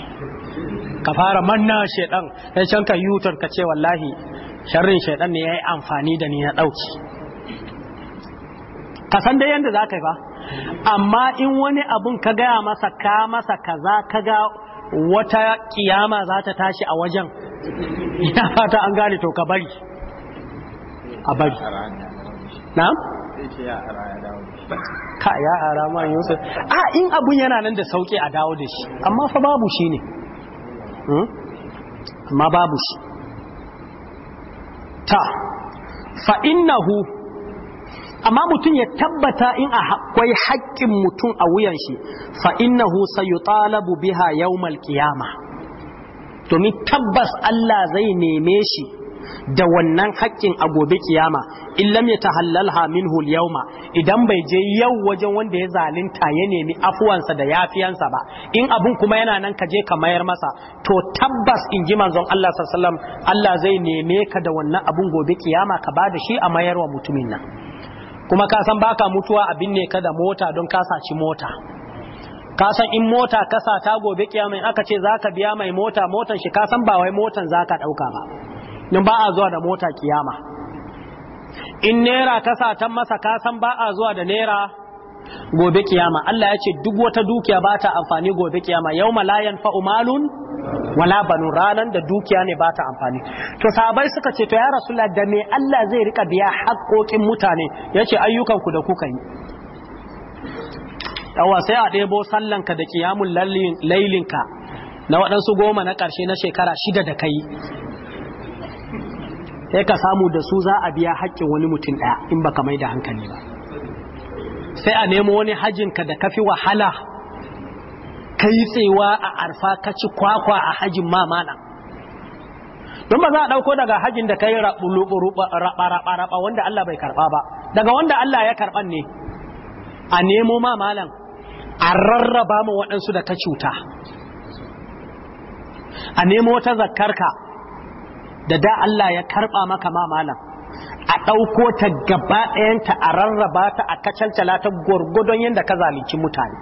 ka fara manna shaidan dan can ka yutar ka ce wallahi sharrin shaidan ne Ya yi amfani da ni na ɗauki. ka san dai za ka yi ba. amma in wani abun ka gaya masa ka masa kaza ka ga wata kiyama za ta tashi a wajen ina fata an gane to ka bari a bari na'am ka ya ara yusuf a in abun yana nan da sauke a dawo da shi amma fa babu shi ne Hmm? amma babu shi ta fa innahu amma mutum ya tabbata in akwai haƙƙin mutum a wuyan shi fa innahu sayutalabu biha yawmal qiyama domin tabbas Allah zai neme shi da wannan haƙƙin a gobe kiyama in lam yatahallalha minhu al-yawma idan bai je yau wajen wanda ya zalunta ya nemi afuwansa da yafiyansa ba in abun kuma yana nan ka je ka mayar masa to tabbas in ji manzon Allah sallallahu alaihi wasallam Allah zai neme ka da wannan abun gobe kiyama ka bada shi a mayar wa mutumin nan kuma ka san baka mutuwa abin ne ka da mota don ka saci mota ka san in mota ka ta gobe kiyama in aka ce zaka biya mai mota motan shi ka san ba wai motan zaka dauka ba nan ba a zuwa da mota kiyama in naira sa ta masa kasan san ba a zuwa da naira gobe kiyama Allah ya ce duk wata dukiya ba ta amfani gobe kiyama yau malayan umalun wala banu ranan da dukiya ne ba ta amfani to sahabai suka ce to ya rasulullah da me Allah zai rika biya haƙoƙin mutane yace ayyukan ku da kuka yi yawa sai a ɗebo sallanka da kiyamun lailinka na waɗansu goma na ƙarshe na shekara shida da kai sai ka samu da su za a biya haƙƙin wani mutum ɗaya in ba ka mai da hankali ba sai a nemo wani hajinka da ka fi wahala ka yi tsewa a arfa ka ci kwakwa a hajin mamana don ba za a ɗauko daga hajin da ka kai raɓa-raɓa wanda Allah bai karɓa ba daga wanda Allah ya karɓan ne a nemo mamalan a rarraba ma waɗansu da ka cuta a nemo wata zakarka da da Allah ya karba maka ma malam a ɗauko ta gaba ɗayanta a rarraba ta a kacalcala ta gwargwadon yadda ka zalunci mutane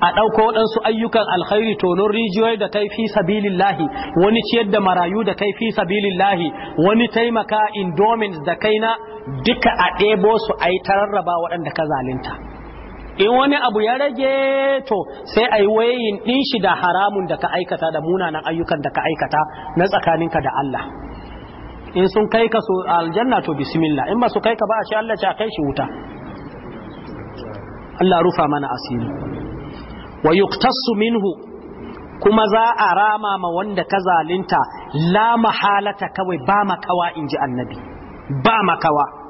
a ɗauko waɗansu ayyukan alkhairi tonon rijiyoyi da kai fi sabilillahi wani ciyar da marayu da kaifi fi sabilillahi wani taimaka indomins da kaina duka a ɗebo su a yi ta rarraba waɗanda ka zalunta in wani abu ya rage to sai a yi wayin ɗin shi da haramun da ka aikata da munanan ayyukan da ka aikata na tsakaninka da Allah in sun kai ka su aljanna to bismillah in ba su kai ka ba a ce Allah ce a kai shi wuta Allah rufa mana asiri wa yuqtasu minhu kuma za a rama ma wanda ka zalinta la mahalata kawai ba makawa inji annabi ba makawa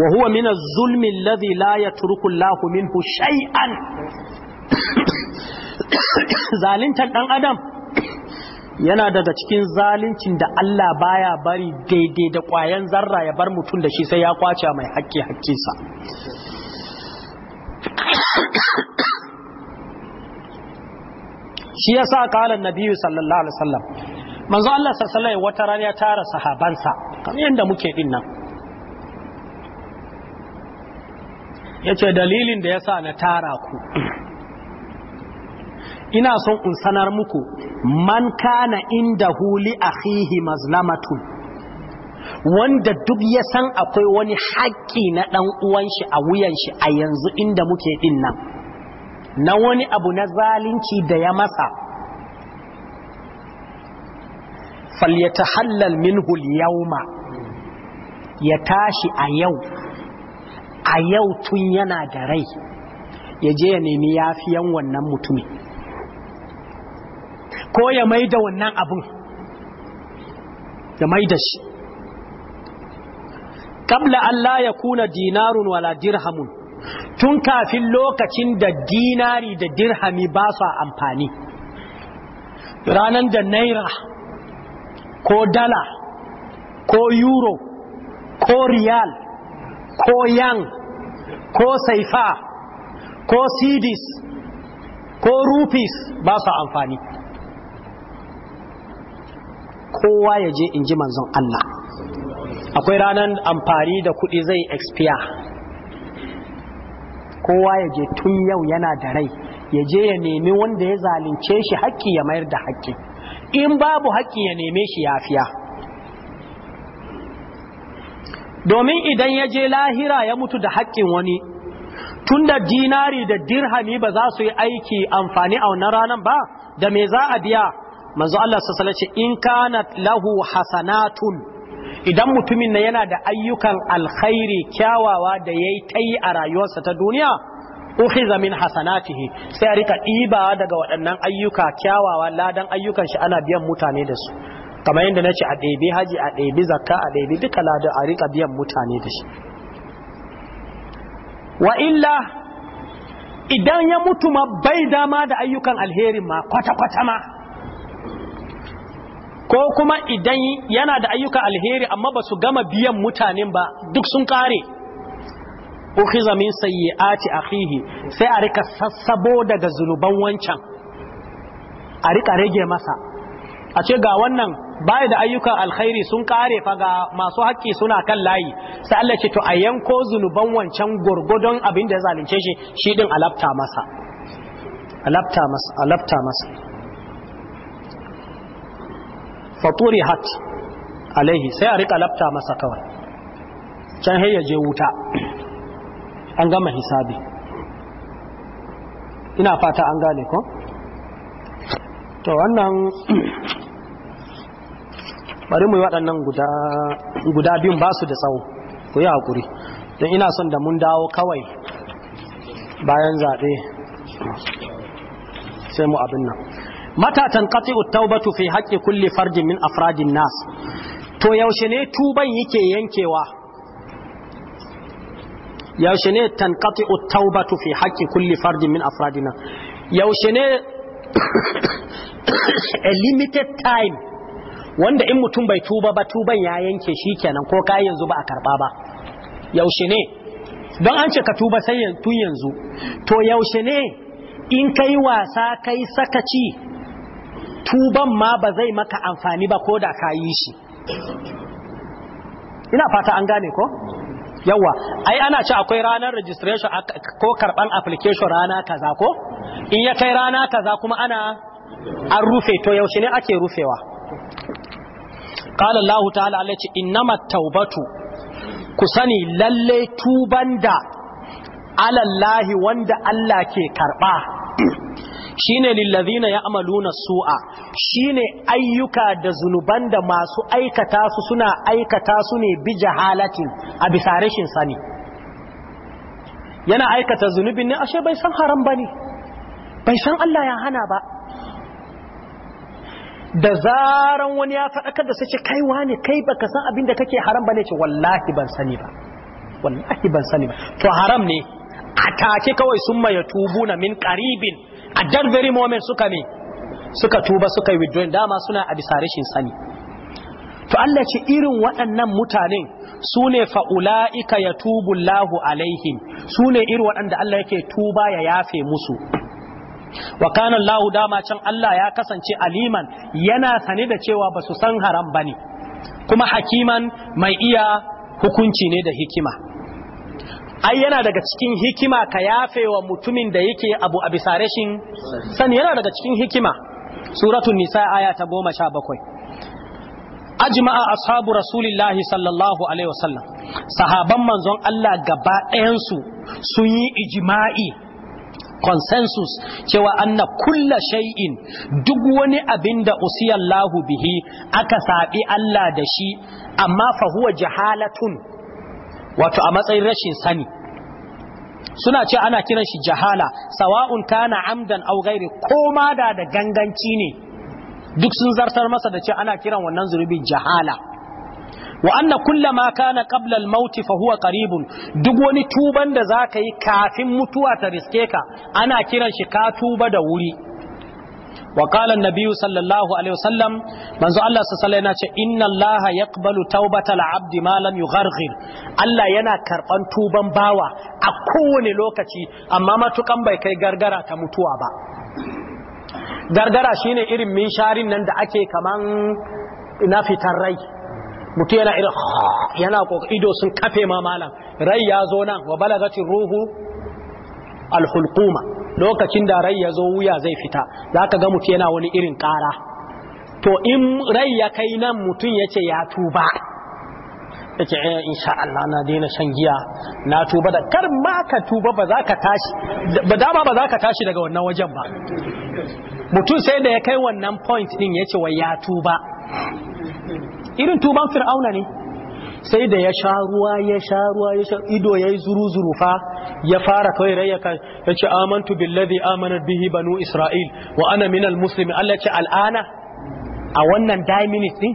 wa huwa min az-zulmi alladhi la yatruku Allahu minhu shay'an dan adam yana daga cikin zalincin da Allah baya bari daidai da kwayan zarra ya bar mutum da shi sai ya kwace mai hakki hakkinsa shi yasa qala nabi sallallahu alaihi wasallam manzo Allah sallallahu alaihi wata rana ya tara sahabansa kamar yanda muke din ya ce dalilin da ya sa na tara ku ina son in sanar muku man kana inda huli a akhihi mazlamatun wanda duk ya san akwai wani haƙƙi na ɗan uwanshi a wuyan shi a yanzu inda muke ɗin nan na wani abu na zalunci da ya masa falyatahallal min hul yawma ya tashi a yau a yau tun yana da rai ya je ya nemi yafiyan wannan mutumin ko ya mai da wannan abin ya mai da shi kabla Allah ya kuna dinarun wala dirhamun tun kafin lokacin da dinari da dirhami ba su amfani ranar da naira ko dala ko euro ko riyal ko yan ko saifa ko sidis ko rufis ba su amfani kowa ya je in ji manzon Allah akwai ranar amfani da kuɗi zai expire kowa ya je tun yau yana da rai ya je ya nemi wanda ya zalunce shi haƙƙi ya mayar da haƙƙi in babu haƙƙi ya neme shi yafiya domin idan ya je lahira ya mutu da haƙƙin wani tunda dinari da dirhami ba za su yi aiki amfani a wannan ranar ba da me za a biya manzo Allah sallallahu alaihi in kanat lahu hasanatun idan mutumin na yana da ayyukan alkhairi kyawawa da yayi tayi a rayuwarsa ta duniya ukhiza min hasanatihi sai a rika ɗiba daga waɗannan ayyuka kyawawa ladan ayyukan shi ana biyan mutane da su kamar yadda na ce a ɗebi haji a ɗebi zakka a ɗebi duka lada a riƙa biyan mutane da shi wa illa idan ya mutu ma bai dama da ayyukan alherin ma kwata-kwata ma ko kuma idan yana da ayyukan alheri amma ba su gama biyan mutanen ba duk sun kare. ƙare a ci a fihi sai a rika sassabo daga zunuban wancan a rika rage masa a ce ga wannan baya da ayyukan alkhairi sun kare fa ga masu haƙƙi suna kan layi sai Allah ce to a yanko zunuban wancan gurgudon abin da ya zalunce shi shi din alafta masa alafta masa alafta masa faturi hat alaihi sai a rika alafta masa kawai can hayya je wuta an gama hisabi ina fata an gane ko to wannan bari mu yi waɗannan guda biyun ba su da tsawo ku yi haƙuri don ina son da mun dawo kawai bayan zaɓe sai mu abin nan matatan qati'ut taubatu fi haqqi kulle farjin min afradin nas to yaushe ne tuban yake yankewa yaushe ne tanqati'ut taubatu fi haqqi kulli fardin min afradin nas yaushe ne a limited time wanda in mutum bai tuba ba tuban ya yanke shi kenan ko ka yanzu ba a karba ba yaushe ne don an ce ka tuba sai tun yanzu to yaushe ne in kai wasa kai sakaci tuban ma ba zai maka amfani ba ko da ka yi shi ina fata an gane ko yawa ai ana ce akwai ranar registration ko karban application rana kaza ko in ya kai rana kaza kuma ana an rufe to yaushe ne ake rufewa qala allah ta'ala Allah ce innamat taubatu ku sani lalle tuban da alallahi wanda Allah ke karba shine lillazina ya'maluna su'a shine ayyuka da zunuban da masu aikata su suna aikata su ne bi jahalatin a bisa rashin sani yana aikata zunubin ne ashe bai san haram bane bai san Allah ya hana ba da zaran wani ya faɗakar da sai ce kai wani kai baka san abin da kake haram bane ce wallahi ban sani ba wallahi ban sani ba to haram ne a take kawai sun mai tubuna min karibin a that very moment suka ne suka tuba suka yi withdrawing dama suna a bisa rashin sani to Allah ce irin waɗannan mutanen su ne fa'ula'ika ya tubu Allahu alaihim su irin waɗanda Allah yake tuba ya yafe musu wa kana Allahu dama can Allah ya kasance aliman yana sane da cewa ba su san haram bane kuma hakiman mai iya hukunci ne da hikima ai yana daga cikin hikima ka yafewa mutumin da yake abu a bisa rashin sani yana daga cikin hikima suratul nisa aya ta goma sha 17 ajma'a ashabu rasulillahi sallallahu alaihi wasallam sahaban manzon Allah gaba su sun yi ijma'i consensus cewa anna kulla shay'in duk wani abin da usiyallahu bihi aka saɓi Allah da shi amma fa huwa jahalatun wato a matsayin rashin sani suna ce ana kiran shi jahala sawa'un kana amdan aw ghairi da da ganganci ne duk sun zartar masa da ce ana kiran wannan zunubi jahala wa anna kullama kana qabla al-maut fa huwa qaribun duk wani tuban da zaka yi kafin mutuwa ta riske ka ana kiran shi ka tuba da wuri wa qala an-nabiy sallallahu alaihi wasallam manzo Allah sallallahu alaihi ce inna Allah yaqbalu tawbatal abdi ma lam yugharghir Allah yana karban tuban bawa a kowane lokaci amma matukan bai kai gargara ta mutuwa ba gargara shine irin min sharin nan da ake kaman na fitar rai mutum yana irin ah, yana ido sun kafe ma malam rai ya zo nan wa balagatin ruhu alhulquma lokacin da rai ya zo wuya zai fita zaka ga mutum yana wani irin kara to in rai ya kai nan mutum yace ya tuba yace eh insha Allah na daina shan giya na tuba da kar ma ka tuba ba za ka tashi ba dama ba za ka tashi daga wannan wajen ba mutum sai da ya kai wannan point din yace wai ya tuba irin tuban fir'auna ne sai da ya sha ruwa ya sha ruwa ya sha ido yayi zuru zuru fa ya fara kawai rayya kan yace amantu billazi amanar bihi banu isra'il wa ana minal Allah ce al'ana a wannan daiminis din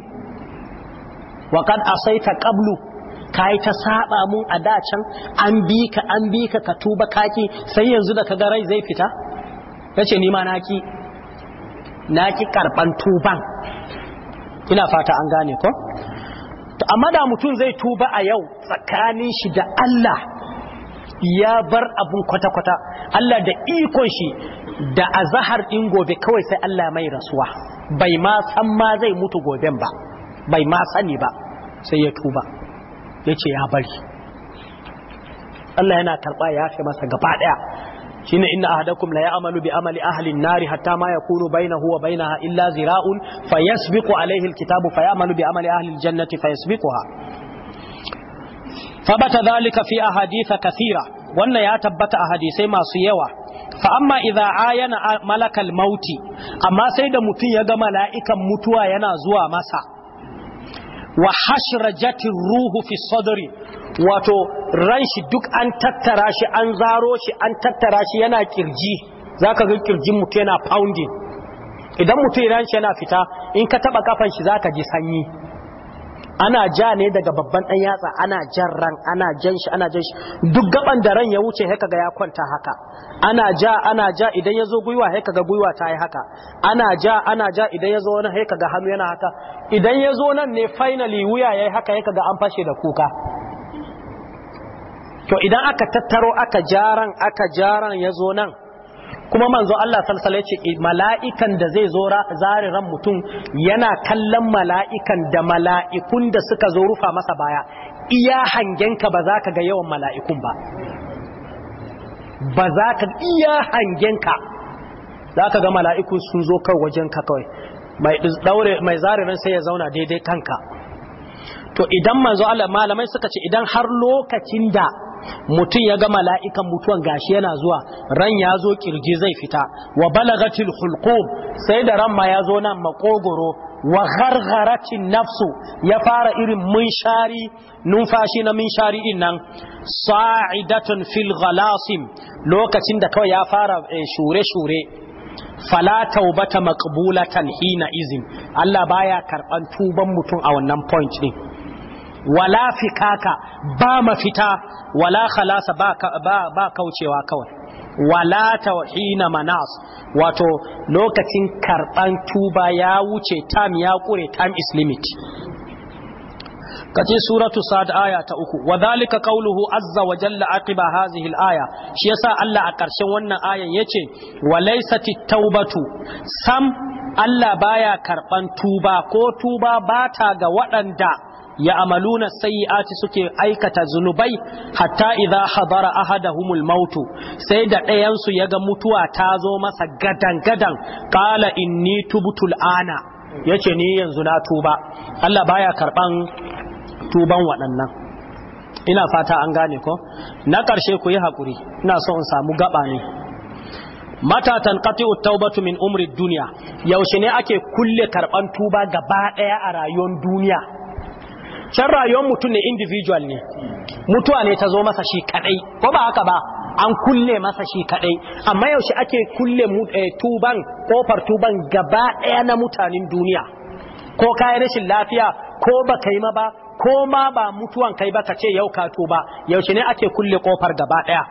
wa kad asaita qablu yi ta saba mun a da can an bi ka an bi ka ka tuba kaki sai yanzu da kaga rai zai fita yace ni ma naki naki karban tuban ina fata an gane ko to amma da mutum zai tuba a yau tsakanin shi da Allah ya bar abun kwata-kwata Allah da ikon shi da azahar din gobe kawai sai Allah mai rasuwa bai ma san ma zai mutu goben ba bai ma sani ba sai ya tuba yace ya bari Allah yana karɓa ya fi masa gaba ɗaya shine inna ahadakum la ya'malu bi amali ahli an-nar hatta ma yakunu bainahu wa bainaha illa zira'un fayasbiqu alayhi al-kitabu fayamalu bi amali ahli al-jannati fayasbiquha fabata dhalika fi hadisa kathira wannan ya tabbata a hadisai masu yawa fa amma idza ayana malakal mauti amma sai da mutun ya ga mala'ikan mutuwa yana zuwa masa wa hashrajati ruhu fi sadri wato ran shi duk an tattara shi an zaro shi an tattara shi yana kirji zaka ga kirjin mutum yana pounding idan mutum ran yana fita in ka taba kafan shi zaka ji sanyi ana ja ne daga babban ɗan yatsa ana jan ran ana jan shi ana jan shi duk gaban da ran ya wuce haka ga ya kwanta haka ana ja ana ja idan ya zo gwiwa haka ga gwiwa ta yi haka ana ja ana ja idan ya zo wani haka ga hannu yana haka idan ya zo nan ne finally wuya ya yi haka haka ga an fashe da kuka to idan aka tattaro aka jaran aka jaran ya zo nan kuma manzo Allah salsala ce eh, mala'ikan da zai zo zari ran mutum yana kallon mala'ikan da mala'ikun da suka zo rufa masa baya iya hangenka ba za ka ga yawan mala'ikun ba ba za ka iya hangenka za ka ga mala'ikun sun zo kawai ka kawai mai daure mai zaririn sai ya zauna daidai kanka to idan manzo Allah malamai suka ce idan har lokacin da mutum ya ga mala'ikan mutuwan gashi yana zuwa ran ya zo kirji zai fita wa balagatil hulqum sai da ran ma ya zo nan makogoro wa ghargharatin nafsu ya fara irin munshari numfashi na munshari din nan sa'idatun fil ghalasim lokacin da kawai ya fara eh, shure shure fala taubata maqbulatan hina izin Allah baya karban tuban mutum a wannan point din wala fikaka ba mafita wala khalasa ba, ba, kaucewa kawai wala tawhina manas wato lokacin karban tuba ya wuce tam ya kure tam is limit kace suratu sad aya ta uku wadhalika qawluhu azza wa jalla aqiba hadhihi al-aya shi yasa Allah a ƙarshen wannan ayan yace walaysati taubatu sam Allah baya karban tuba ko tuba bata ga waɗanda ya'maluna sayyi'ati suke aikata zunubai hatta idza hadara humul maut sai da ɗayan su yaga mutuwa ta zo masa gadan gadan qala inni tubtul ana yace ni yanzu na tuba Allah baya karban tuban waɗannan ina fata an gane ko na ƙarshe ku yi haƙuri ina so in samu gaba ne mata tanqati'u taubatu min umri duniya yaushe ne ake kulle karban tuba gaba ɗaya a rayuwar duniya can rayuwar mutum ne individual ne mutuwa ne ta zo masa shi kadai ko ba haka ba an kulle masa shi kadai amma yaushe ake kulle eh, tuban kofar tuban gaba daya na mutanen duniya ko kayan rashin lafiya ko ba kai ma ba ko ma ba mutuwan kai ba ka ce yau ka tuba yaushe ne ake kulle kofar gaba daya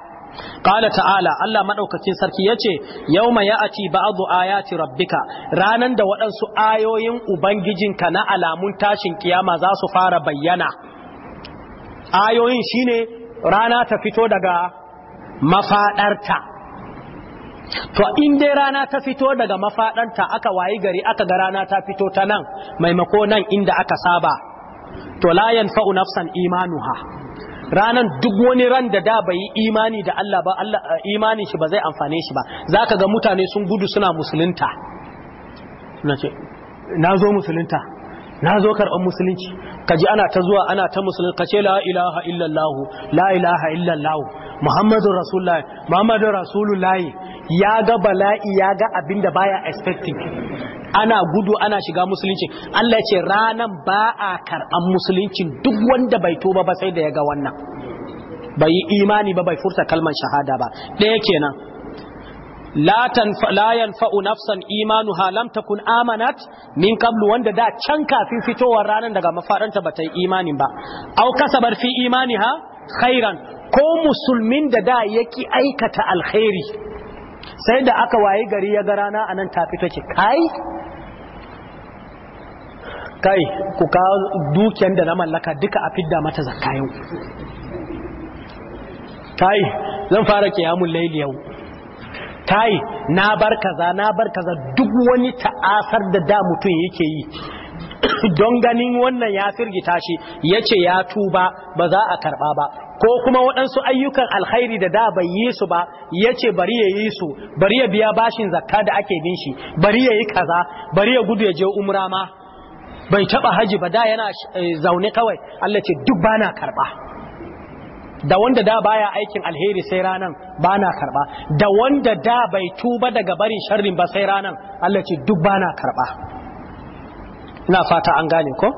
Ƙala ta'ala Allah maɗaukacin sarki ya ce, Yau mai ya'aci ba'adu ayati rabbika, ranan da waɗansu ayoyin Ubangijinka na alamun tashin kiyama za su fara bayyana. Ayoyin shi ne rana ta fito daga mafaɗarta. To, in dai rana ta fito daga mafaɗarta aka wayi gari aka ga rana ta fito ta nan, maimako nan inda aka saba, to layan fa'u nafsan imanuha. ranan duk wani ran da da bai yi imani da Allah ba Allah eh, imani shi ba zai amfane shi ba zaka ga mutane sun gudu suna musulunta nace na zo musulunta na zo karban musulunci kaji ana ta zuwa ana ta musulunci ka ce la ilaha illallahu la ilaha illallahu muhammadu rasulullahi muhammadu rasulullahi ya ga bala'i ya ga abin da baya expecting ana gudu ana shiga musulunci Allah ce ranan ba a karɓan musulunci duk wanda bai toba ba sai da ya ga wannan bai yi imani ba bai furta kalman shahada ba ɗaya kenan la yanfa'u nafsan imanuha lam kun amanat min qablu wanda da can kafin fitowar ranar daga mafaranta ta yi imanin ba au kasabar fi imani ha khairan ko musulmin da da yake aikata alkhairi sai da aka wayi gari ya ga rana nan ta fito kai kai ku kawo dukiyar da na mallaka duka a fidda mata zakayu kai zan fara kiyamun laili yau kai na bar kaza na bar kaza duk wani ta'asar da da mutum yake yi don ganin wannan ya firgita shi yace ya tuba ba za a karba ba ko kuma waɗansu ayyukan alkhairi da da bai yi su ba ya ce bari ya yi su bari ya biya bashin zakka da ake bin shi bari ya yi kaza bari ya gudu ya je umra ma bai taɓa haji ba da yana eh, zaune kawai Allah ce duk bana karɓa da wanda da baya aikin alheri sai ranan bana karɓa da wanda da bai tuba daga barin sharrin ba sai ranan Allah ce duk bana karɓa ina fata an gane ko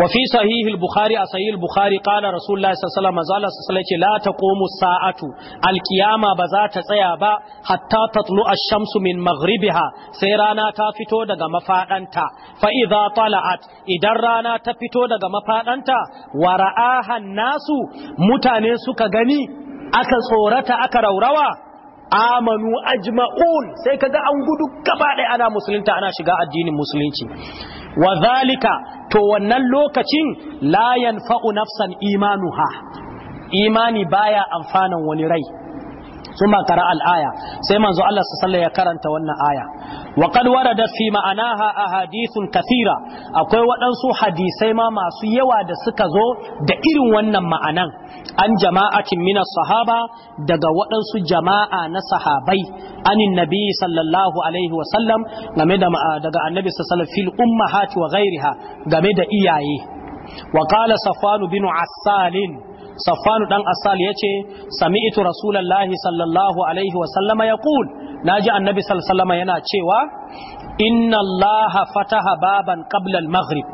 Wafi fi sahihil bukhari a sahihil bukhari qala rasulullahi sallallahu alaihi wasallam ce la taqumu sa'atu alqiyama ba za ta tsaya ba hatta tatlu ash-shamsu min ha sai rana ta fito daga mafadanta fa idza tala'at idan rana ta fito daga mafaɗanta wa ra'aha nasu mutane suka gani aka tsorata aka raurawa amanu ajma'un sai kaga an gudu gaba ɗaya ana musulunta ana shiga addinin musulunci wa zalika to wannan lokacin la yanfa'u nafsan imanuha imani baya amfanan wani rai ثم قرأ الآية سيما زو الله صلى الله كرنت وانا آية وقد ورد في معناها أحاديث كثيرة أقوى ودنسو حديثي ما ما سيوا دسكزو دئر وانا معنا عن جماعة من الصحابة دقا ودنسو جماعة نصحابي عن النبي صلى الله عليه وسلم غمد دقا النبي صلى الله عليه وسلم في الأمهات وغيرها غمد إياي وقال صفوان بن عسال Saffanu dan Asal yace sami'tu Rasulullahi sallallahu alaihi wa sallama na ji Annabi sallallahu yana cewa inna Allah fataha baban qabla al-maghrib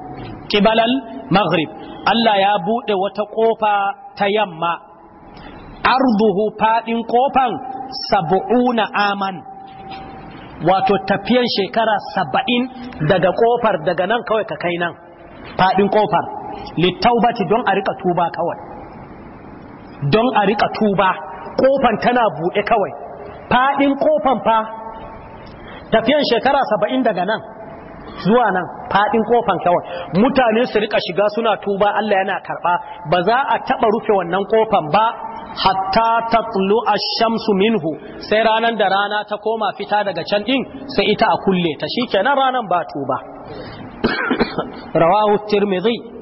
qibala maghrib Allah ya buɗe wata ƙofa ta yamma arduhu faɗin ƙofan sab'una aman wato tafiyan shekara saba'in daga ƙofar daga nan kawai ka kai nan faɗin ƙofar littaubati don a rika tuba kawai don a rika tuba kofan tana buɗe kawai faɗin kofan fa tafiyan shekara saba'in daga nan zuwa nan faɗin kofan kawai mutane su rika shiga suna tuba Allah yana karɓa ba za a taɓa rufe wannan kofan ba hatta ta tulu a shamsu minhu sai ranar da rana ta koma fita daga can ɗin sai ita a kulle ta shi kenan ranar ba tuba rawahu tirmidhi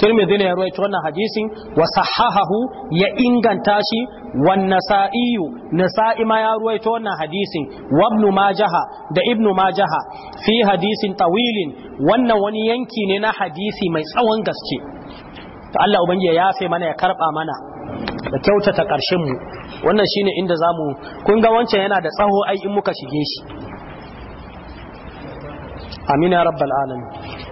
tirmidhi ne ya rawaito wannan hadisin wa sahahahu ya inganta shi wan nasa'iyu nasa'i ma ya rawaito wannan hadisin wa ibn majaha da ibn majaha fi hadisin tawilin wannan wani yanki ne na hadisi mai tsawon gaske to Allah ubangi ya yafe mana ya karba mana da kyautata karshen mu wannan shine inda zamu kun ga wancan yana da tsaho ai in muka shige shi amina rabbal alamin